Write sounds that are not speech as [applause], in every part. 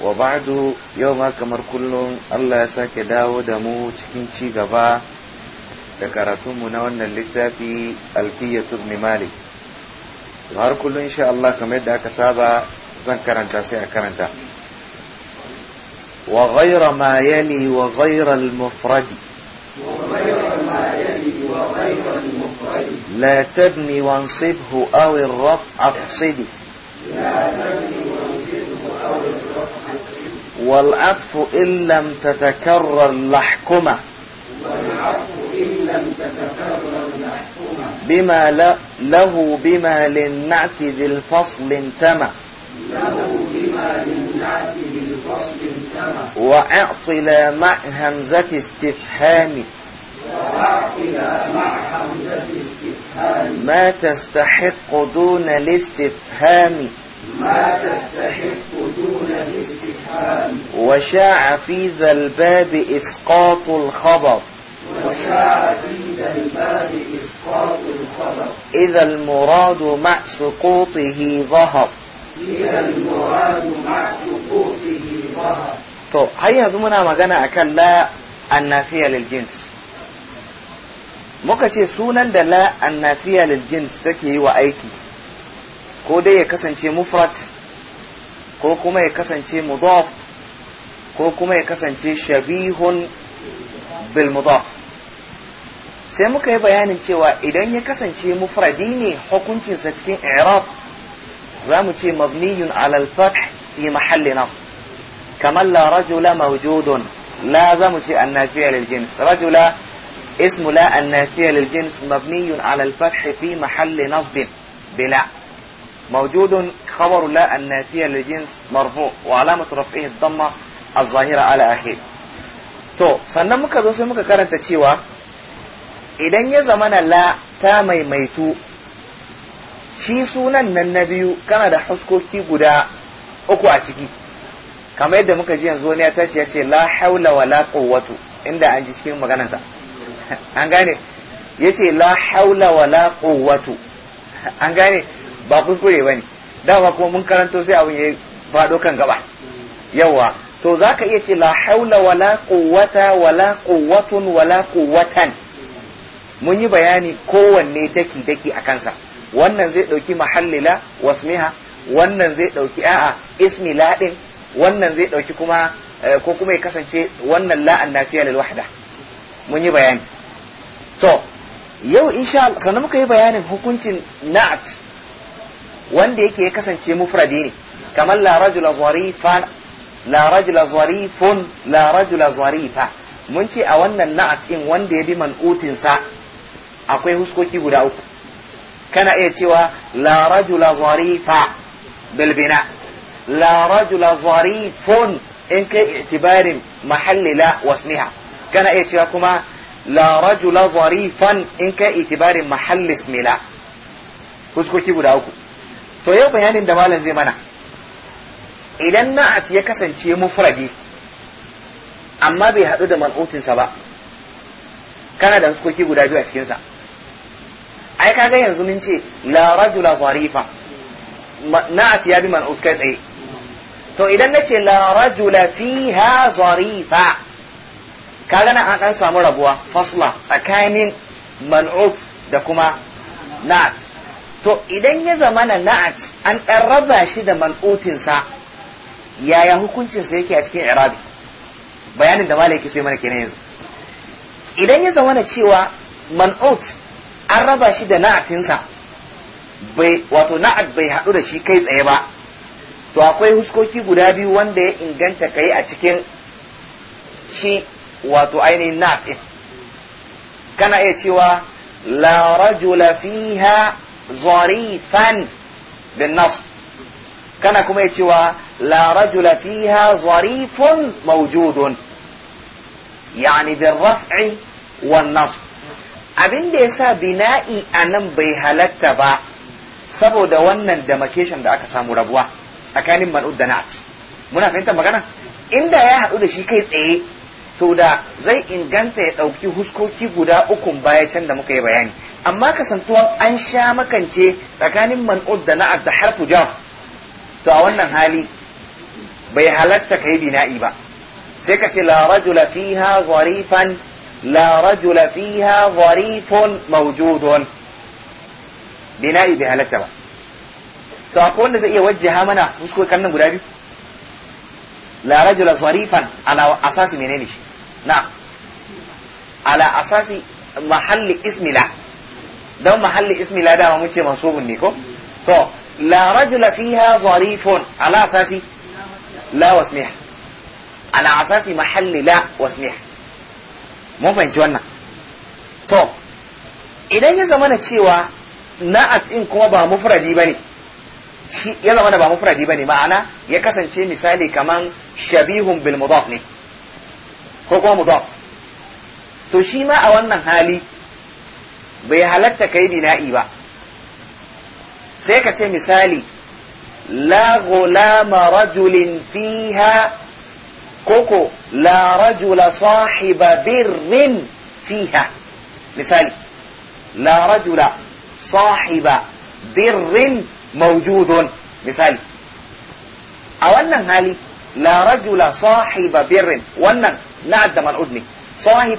wa ba'du yau ma kamar kullum Allah ya sake dawo da mu cikin ci gaba da karatunmu na wannan littafi alfiyatu ibn mali. har kullum insha Allah kamar yadda aka saba zan karanta sai a karanta wa ghayra ma yali wa ghayra al-mufrad لا تبني وانصبه أو الرفع اقصده لا تبني والعطف إن لم تتكرر لحكمة بما ل... له بما للنعت ذي الفصل انتمى وأعط لا مع همزة استفهام ما تستحق دون الاستفهام ما تستحق وشاع في ذا الباب إسقاط الخبر وشاع في ذا الباب إسقاط الخبر إذا المراد مع سقوطه ظهر إذا المراد مع سقوطه ظهر تو هيا زمنا ما جنا أكل النافية للجنس muka ce sunan da la annafiya lil jins take yi wa aiki ko dai ko kuma ya kasance shabihun bil mudaf sai muka yi bayanin cewa idan ya kasance mufradi ne hukuncin sa cikin i'rab za mu ce mabniyun ala al-fath fi mahalli nasb kamar la rajula mawjudun la za mu ce annafiya lil jins rajula ismu la اسم lil jins mabniyun ala al fath fi mahalli nasb bila موجود خبر لا النافية للجنس مرفوع وعلامة رفعه الضمة az-zahira ala akhir to sannan muka zo sai muka karanta cewa idan ya zamana la ta maimaitu shi sunan nan na biyu kana da haskoki guda uku a ciki kamar yadda muka ji yanzu wani ta ce ya ce la haula wala quwwatu inda an ji cikin maganarsa an gane ya ce la haula wala quwwatu an gane ba kuskure bane dama kuma mun karanto sai abin ya fado kan gaba yawa to za ka iya ce la haula wala quwwata wala quwwatun wala quwwatan mun yi bayani kowanne daki daki a kansa wannan zai ɗauki mahallila wasmiha wannan zai ɗauki a'a ismi laɗin wannan zai ɗauki kuma eh, ko kuma ya kasance wannan la'an nafiya lil wahda mun yi bayani to yau insha Allah sannan muka yi bayanin hukuncin na'at wanda yake ya kasance mufradi ne kamar la rajula zarifan la rajula zarifun la rajula zarifa mun ce a wannan na'as in wanda ya bi man'utin sa akwai huskoki guda uku kana iya cewa la rajula zarifa bil bina la rajula zarifun in kai i'tibarin mahalli la kana iya cewa kuma la rajula zarifan in kai i'tibarin mahalli huskoki guda uku to yau bayanin da malam zai mana idan na'at ya kasance mufradi amma bai haɗu da man'utinsa ba kana da huskoki guda biyu a cikinsa ai kaga yanzu mun ce la rajula zarifa na'at ya bi man'ut kai tsaye to idan na ce la rajula fiha zarifa kaga na an samu rabuwa fasla tsakanin man'ut da kuma na'at to idan ya zamana na'at an ɗan raba shi da man'utinsa yaya hukuncinsa yake a cikin irabi bayanin da malaki sai mana kenan yanzu idan ya zama cewa man'ut an raba shi da na'atinsa bai wato na'at bai haɗu da shi kai tsaye ba to akwai huskoki guda biyu wanda ya inganta kai a cikin shi wato ainihin na'at kana iya cewa la rajula fiha zarifan bin nasr kana kuma cewa la rajula fiha zarifun mawjudun yani bil raf'i wan nasb abin da yasa bina'i anan bai halatta ba saboda wannan demarcation da aka samu rabuwa tsakanin man'ud da na'at muna fahimtar magana inda ya haɗu da shi kai tsaye to da zai inganta ya ɗauki huskoki guda ukun baya can da muka yi bayani amma kasantuwan an sha makance tsakanin man'ud da na'at da harfu jar to a wannan hali bai halatta kai bina'i ba sai ka ce la rajula fiha zarifan la rajula fiha zarifun mawjudun bina'i bai halatta ba to akwai wanda zai iya wajjaha mana fuskokan nan guda biyu la rajula zarifan ala asasi menene shi na ala asasi mahalli ismila don mahalli ismila dama mun ce mansubun ne ko to لا رجل فيها ظريف على أساس لا واسمها على أساس محل لا واسمها mun fahimci wannan to idan ya zama cewa na'at in kuma ba mufradi bane shi ya zama da ba mufradi bane ma'ana ya kasance misali kaman shabihun bil mudaf ne ko kuma mudaf to shi ma a wannan hali bai halatta kai bina'i ba sai ka ce misali la gulama rajulin fiha koko la rajula sahiba birrin fiha misali la rajula sahiba birrin mawjudun misali a wannan hali la rajula sahiba birrin wannan na da mal'ud ne sahib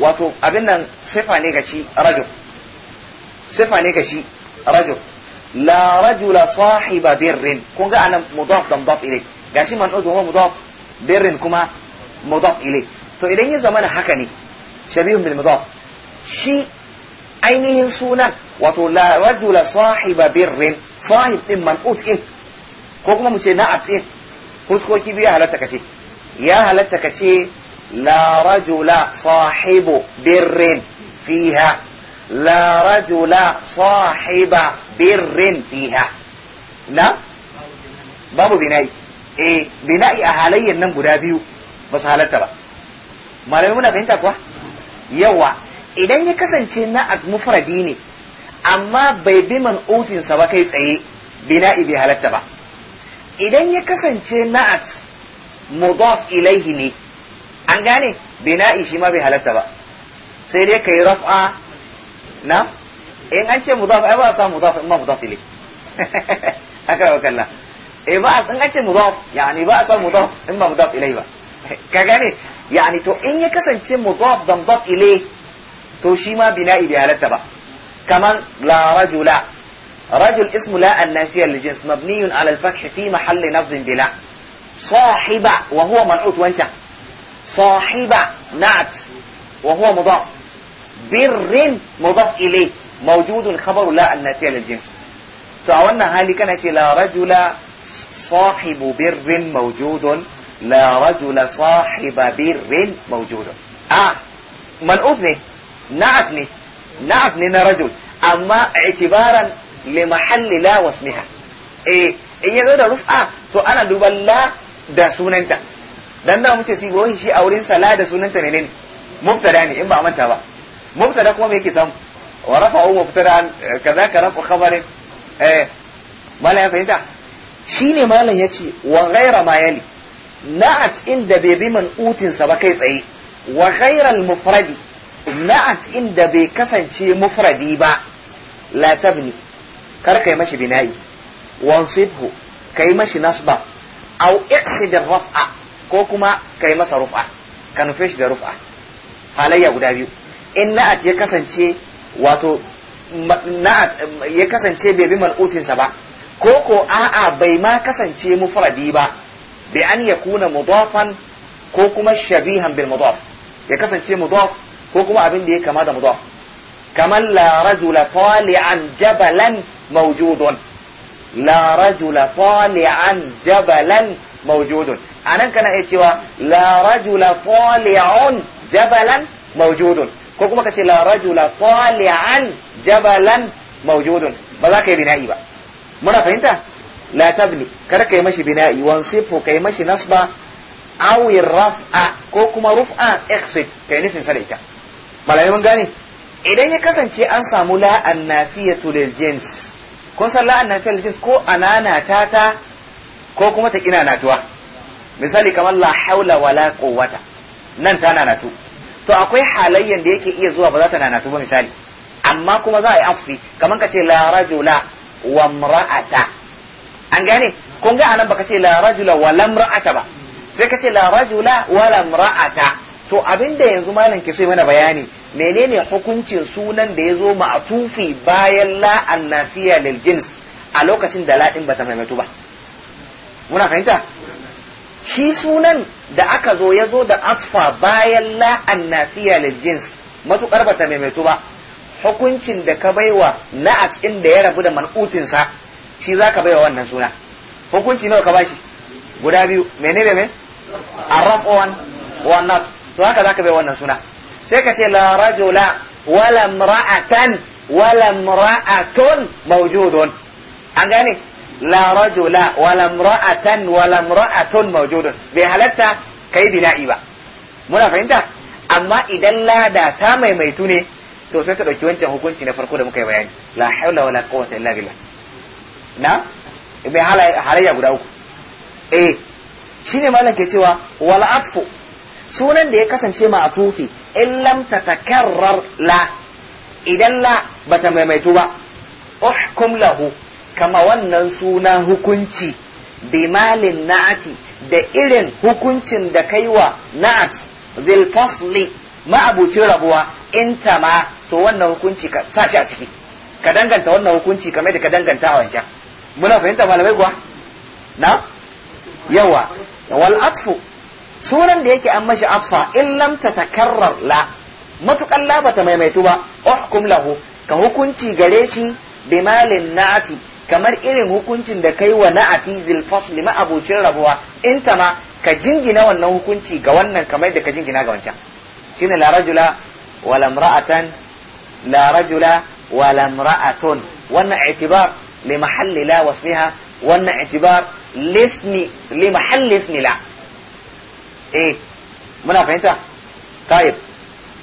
wato abin nan sifa ne ga shi rajul sifa ne ga shi rajul la rajula sahiba birrin kun ga anan mudaf da mudaf ilai gashi man'ud huwa mudaf kuma mudaf ilai to idan ya na haka ne shabihun bil mudaf shi ainihin sunan wato la rajula sahiba birrin sahib din man'ud din ko kuma mu ce na'at din fuskoki biyu halatta kace ya halatta kace la rajula sahibu birrin fiha la rajula birrin fiha na babu bina'i eh bina'i a halayyar nan guda biyu ba su halatta ba malamai muna fahimta kuwa yawa idan ya kasance na mufradi ne amma bai bi man'utinsa ba kai tsaye bina'i bai halatta ba idan ya kasance na'at mudaf ilaihi ne an gane bina'i shi ma bai halatta ba sai dai kai raf'a na in eh, an ce mudaf ai ba a samu mudaf ba mudaf ilai [laughs] haka wa kalla eh ba in an ce mudaf yani ba a samu mudaf ba mudaf ilai ba [laughs] ka gane yani to in ya kasance mudaf da mudaf ilai to shi ma bina'i bai halatta ba kaman la rajula رجل اسم لا النافية للجنس مبني على الفتح في Bila, نصب بلا صاحب وهو منعوت وانت صاحب نعت وهو مضاف بر mawjudun khabaru la annafiya lil to a wannan hali kana ce la rajula sahibu birrin mawjudun la rajula sahiba birrin mawjudun a man'uf ne na'at ne na'at ne na rajul amma itibaran li mahalli la wasmiha eh in ya zo da rufa to ana duban la da sunanta dan da muke sigohi shi a wurin sala da sunanta ne ne mubtada in ba a manta ba mubtada kuma me yake samu ورفعه مبتدعا كذاك رفع خبر ايه ما لا فهمت shine malam yace wa ghaira ma yali na'at inda bai bi man'utin sa ba kai tsaye wa ghaira al-mufradi na'at inda bai kasance mufradi ba la tabni kar kai mashi bina'i wansibhu kai mashi nasba aw iqsid ar-raf'a ko kuma kai masa rufa ka nufe shi da rufa halayya guda biyu in na'at ya kasance wato ya kasance bai bi mal'utinsa ba ko ko a'a bai ma kasance mufradi ba bi an kuna mudafan ko kuma shabihan bil mudaf ya kasance mudaf ko kuma abin da ya kama da mudaf Kamar la rajula tali'an jabalan mawjudun la rajula tali'an jabalan mawjudun anan kana iya cewa la rajula tali'un jabalan mawjudun ko kuma ka ce la rajula tali'an jabalan mawjudun ba za ka yi bina'i ba muna fahimta la tabni kar ka yi mashi bina'i wansifu ka yi mashi nasba aw raf'a ko kuma ruf'a iqsid ka yi nufin sa da ita mun gane idan ya kasance an samu la annafiyatu lil jins kun san la annafiyatu lil jins ko anana tata ko kuma ta kina natuwa misali kamar la haula wala quwwata nan ta nanatu to akwai halayyan da yake iya zuwa ba za ta nanatu ba misali amma kuma za a yi afi kamar ka ce la rajula wa mra'ata an gane kun ga anan baka ce la rajula wa la mra'ata ba sai ka ce la rajula wa la mra'ata to abinda yanzu malam ke so mana bayani menene hukuncin sunan da ya zo ma'tufi bayan la annafiya lil jins a lokacin da ba ta maimaito ba muna fahimta shi sunan da aka zo ya zo da asfa bayan la annafiya lil jins matukar bata maimaito ba hukuncin da ka baiwa na din da ya rabu da man'utin sa shi zaka baiwa wannan suna hukunci nawa ka bashi guda biyu menene me Arraf wan nas to haka zaka baiwa wannan suna sai ka ce la rajula wala imra'atan wala imra'atun mawjudun an gane la rajula wala imra'atan wala imra'atun mawjudun bai halatta kai bina'i ba muna fahimta amma idan lada ta maimaitu ne to sai ka dauki wancan hukunci na farko da muka yi bayani la haula wala quwwata illa billah na bai halayya guda uku eh shine malam ke cewa wala atfu sunan da ya kasance ma atufi in lam tatakarrar la idan la bata maimaitu ba uhkum lahu kama wannan suna hukunci bimalin na'ati da irin hukuncin da kaiwa na'at zil ma'abucin rabuwa in to wannan hukunci ka sa shi a ciki ka danganta wannan hukunci kamar da ka danganta a wancan muna fahimta malamai kuwa na yawa wal atfu sunan da yake an mashi atfa in ta tatakarrar la matukan la bata maimaitu ba uhkum lahu ka hukunci gare shi bimalin na'ati kamar irin hukuncin da kai wa na'ati zil fasl ma abocin rabuwa in ta ka jingina wannan hukunci ga wannan kamar da ka jingina ga wancan shine la rajula wala imra'atan la rajula wala imra'atun wannan i'tibar li mahalli la wasmiha wannan i'tibar lismi li mahalli ismi la eh muna fahimta tayyib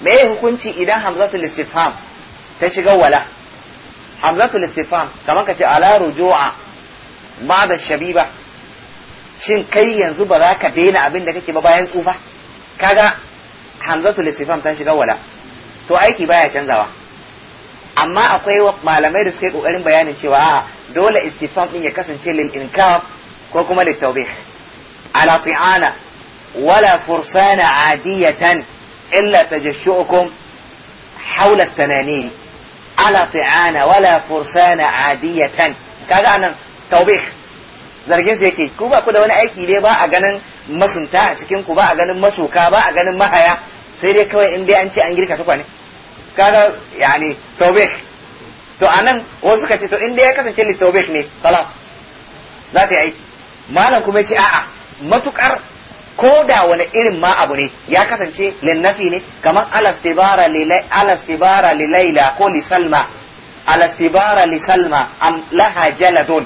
me hukunci idan hamzatul istifham ta shiga wala hamzatul istifham kamar ka ce ala ruju'a ba da shabiba shin kai yanzu ba za ka daina abin da kake ba bayan tsufa kaga hamzatul istifham ta shiga wala to aiki baya canzawa amma akwai malamai da suka yi kokarin bayanin cewa a dole istifham din ya kasance lil inkar ko kuma lil tawbih ala ti'ana wala fursana adiyatan illa tajashshu'ukum hawla tananini ala ta'ana wala fursana adiyatan kaga anan taubih zargin su yake ku ba ku da wani aiki dai ba a ganin masunta a cikin ku ba a ganin masoka ba a ganin mahaya sai dai kawai in dai an ce an girka tukwane kaga yani taubih to anan wasu ka ce to in dai ya kasance li taubih ne khalas za ta yi aiki malam kuma ya ce a'a matukar ko da wani irin ma abu ne ya kasance linnafi ne kamar alastibara lilai alastibara lilaila ko li salma alastibara li salma am laha jaladun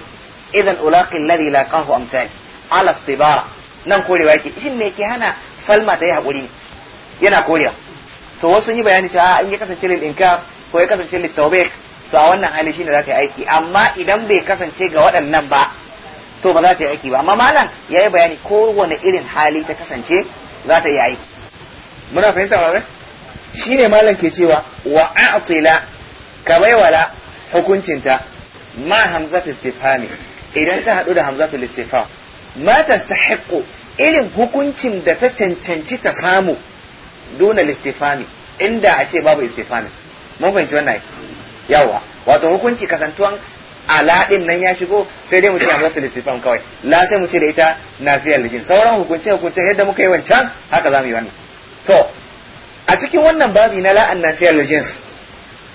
idan ulaqi alladhi laqahu amsal alastibara nan korewa yake shin me ke hana salma ta yi hakuri yana koriya. to wasu yi bayani cewa in ya kasance lil inkar ko ya kasance lil tawbih to a wannan hali shine zaka yi aiki amma idan bai kasance ga waɗannan ba to ba za ta yi aiki ba amma malam ya yi bayani ko wani irin hali ta kasance za ta yi aiki muna fahimta ba shi ne malam ke cewa wa a'tila ka bai baiwala hukuncinta ma hamza istifhami idan ta haɗu da hamza istifham ma tastahiqu irin hukuncin da ta cancanci ta samu duna istifhami inda a ce babu istifhami mun fahimci wannan yawa wato hukunci kasantuwan ala din nan ya shigo sai dai mu ce hamzatul istifham kawai la sai mu ce da ita nafiyal lijin sauran hukunce hukunce yadda muka yi wancan haka za mu yi wannan to a cikin wannan babi na la'an fiye lijin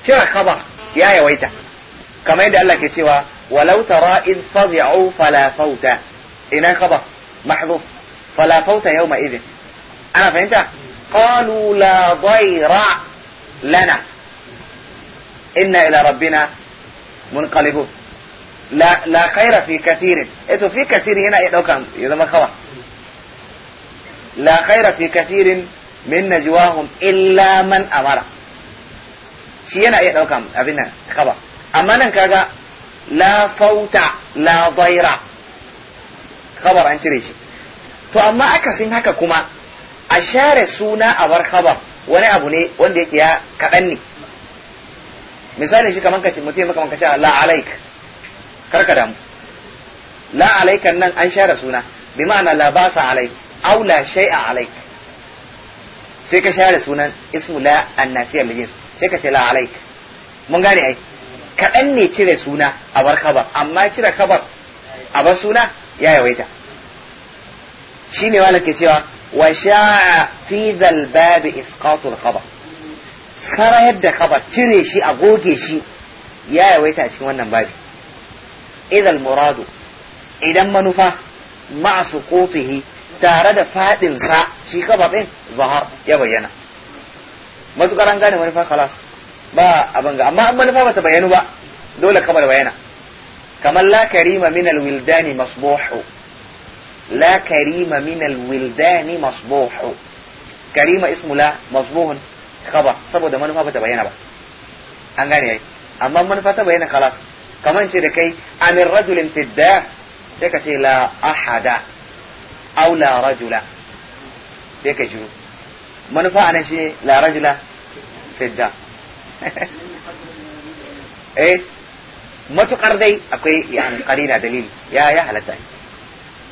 kira khabar ya yawaita kamar yadda Allah ke cewa walau tara in fazi'u fala fauta ina kaba mahdhuf fala fauta yawma idin ana fahimta qalu la ضير lana inna ila rabbina munqalibun la la khaira fi kathirin eto fi kathirin yana iya daukan ya zama kawa la khaira fi kathirin min najwahum illa man amara shi yana iya daukan abin nan kawa amma nan kaga la fauta la daira khabar an cire shi to amma akasin haka kuma a share suna a bar khabar wani abu ne wanda yake ya kaɗan ne misali shi kamar kace mutum maka maka ce la alaik karka damu la nan an share suna bi ma'ana la ba sa alai aw la shay'a sai ka share sunan ismu la annafiya lil sai ka ce la alaik mun gane ai kaɗan ne cire suna a bar kabar amma cire kabar a bar suna ya yawaita shi ne ke cewa wa sha'a fi zal babi isqatul khabar sarayar da kabar cire shi a goge shi ya yawaita a cikin wannan babi idan muradu idan manufa ma'a suqutihi tare da fadin sa shi kabar din zahar ya bayyana matukar an gane manufa khalas ba abin amma an manufa bata bayanu ba dole kabar bayana kamar la la karima min alwildani masbuhu karima ismu la masbuhun khabar saboda manufa bata bayyana ba an gane ta bayyana khalas kamar ce da kai amin rajulin fidda sai ka ce la ahada au la rajula sai ka shiru manufa anan shi la rajula fidda [laughs] eh dai akwai yani qarina dalili ya ya halatta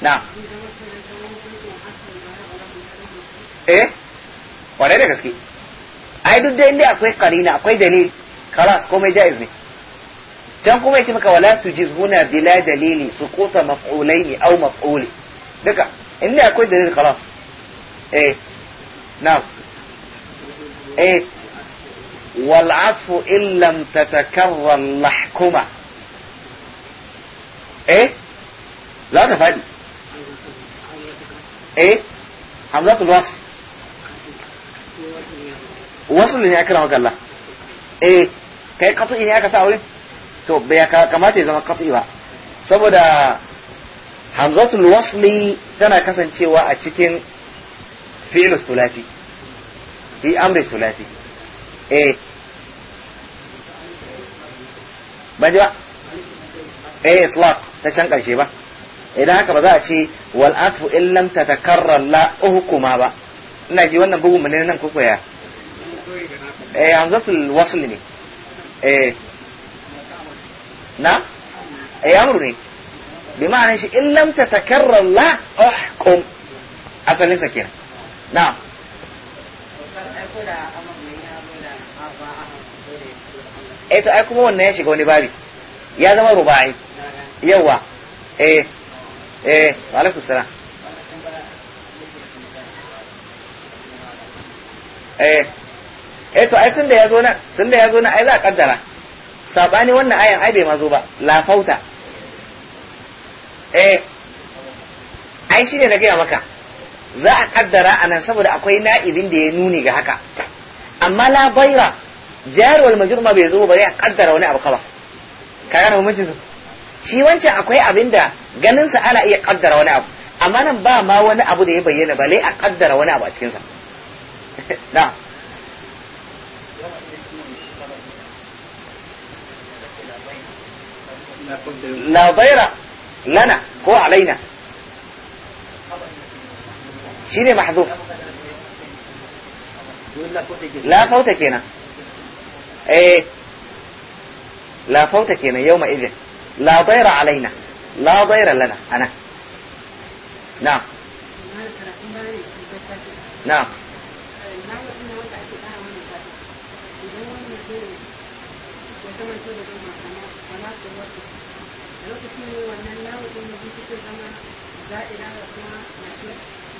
na eh kwarai da gaske ai duk da inda akwai qarina akwai dalili kalas komai jaiz تنقوم يتم كولا تجيز بلا دليل سقوط مفعولين او مفعول دكا اني اكون دليل خلاص ايه نعم ايه والعطف ان لم تتكرر المحكمة ايه لا ده فادي ايه حمزة الوصف وصل اني اكرا وقال ايه كيف قطع اني اكرا to bai kamata ya zama katsi ba saboda hamzatul wasli tana kasancewa a cikin fi'il sulati fi amri sulati eh ba ji ba eh islaq ta can karshe ba idan haka ba za a ce wal afu illam tatakarra la uhkuma ba ina ji wannan bugun mun ne nan kuka eh hamzatul wasl ne eh na eh, ya amru ne bi ma'anar shi in lam takarrar la ahkum asalin sa kenan na eh to ai kuma wannan ya shiga wani babi ya zama rubai yawa eh eh wa alaikum salam eh eh to ai tunda ya zo tunda ya zo ai za a kaddara sabani wannan ayan ai bai mazo ba la fauta eh ai shine na gaya maka za a kaddara nan saboda akwai na'ibin da ya nuni ga haka amma la bayra jar wal bai zo ba kaddara wani abu kaba ka gane mutuncin su shi wancan akwai abinda da ganin sa ana iya kaddara wani abu amma nan ba ma wani abu da ya bayyana ba lai a kaddara wani abu a cikin sa [laughs] na'am la daira lana ko alaina shine mahzuf la fauta kenan eh la fauta kenan yawma idin la daira alaina la daira lana ana na'am na'am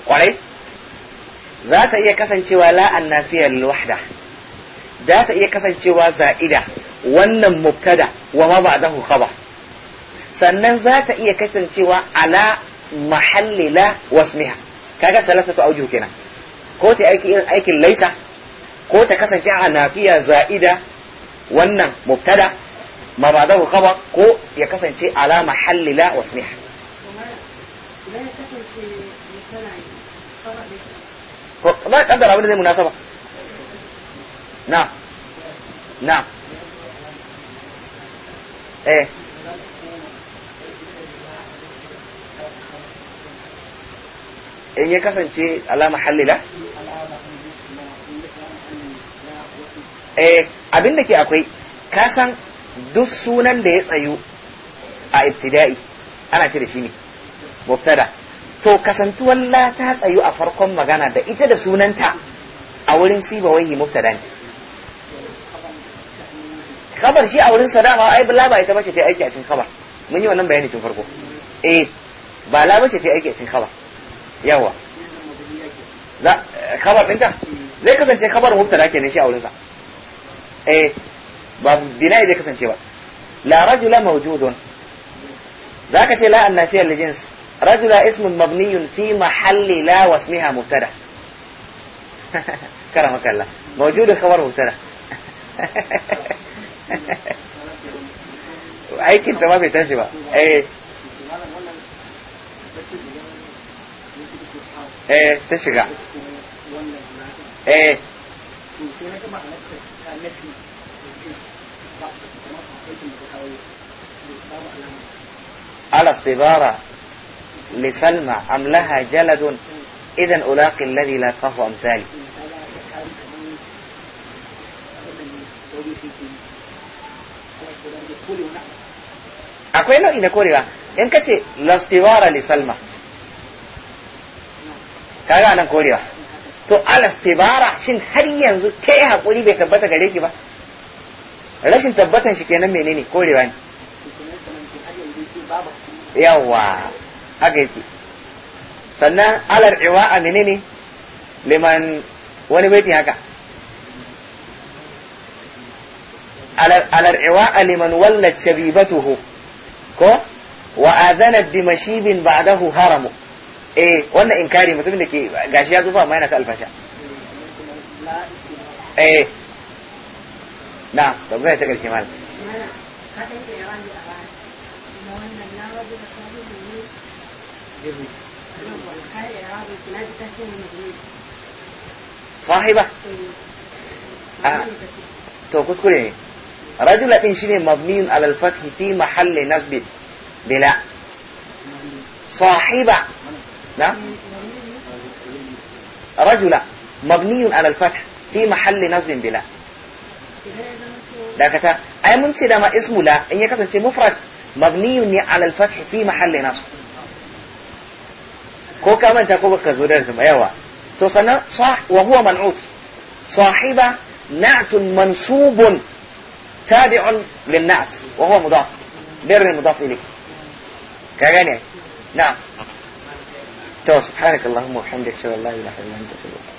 kwarai za ta iya kasancewa la'an nafiyar wahda za ta iya kasancewa za'ida wannan mubtada wa ma ba'dahu khabar sannan za ta iya kasancewa ala mahalli la wasmiha kaga salasatu aujuh kenan ko ta aiki aikin laisa ko ta kasance a nafiya za'ida wannan mubtada ma ba'dahu khabar ko ya kasance ala mahalli la wasmiha ba ya kaddara abin da zai munasaba na na eh in ya kasance alama hallila eh abin da ke akwai kasan duk sunan da ya tsayu a ibtida'i ana ce da shi ne mubtada to kasantuwar la ta tsayu a farkon magana da ita da sunanta a wurin siba wahi mubtada ne kabar shi a wurin sadama ai la ba ita bace ta aiki a cikin kabar mun yi wannan bayani tun farko eh ba la bace ta aiki a cikin kabar yawa za kabar ɗinka zai kasance kabar mubtada kenan shi a wurin sa eh ba bina zai kasance ba la rajula mawjudun zaka ce la annafiyar lijins رجل اسم مبني في محل لا واسمها مبتدا [laughs] كرمك الله موجود خبر مبتدا هيك [laughs] انت ما بتمشي بقى ايه ايه تشجع ايه على استبارة لسلمى أم لها جلد إذا ألاقي الذي لاقاه أمثالي akwai nau'i na korewa in ka ce lastiwara li salma kaga nan korewa to alastibara shin har yanzu ke haƙuri bai tabbata gare ki ba rashin tabbatan shi kenan menene korewa ne Yawa. haka yake sannan alar iwa a menene liman wani baiti haka alar iwa a liman wallat shabibatuhu ko wa adana azanat bi mashibin ba'dahu haramu eh wannan inkari mutum da ke gashi ya zufa ma yana ta alfasha eh na tabbata ta karshe malam صاحبة آه. توقف كلين رجل تنشين على الفتح في محل نسب بلا صاحبة رجل مبني على الفتح في محل نسب بلا ده كتا اي منشي ده ما اسمه لا ان يكتن شي مفرد مبني على الفتح في محل نسب ko ka manta ko baka zo darasin ba yawa to sannan sah wa huwa man'ut sahiba na'tun mansubun tabi'un lin na't wa huwa mudaf birr mudaf ilayh ka gane na'am to subhanakallahumma wa bihamdika ashhadu an la ilaha illa anta astaghfiruka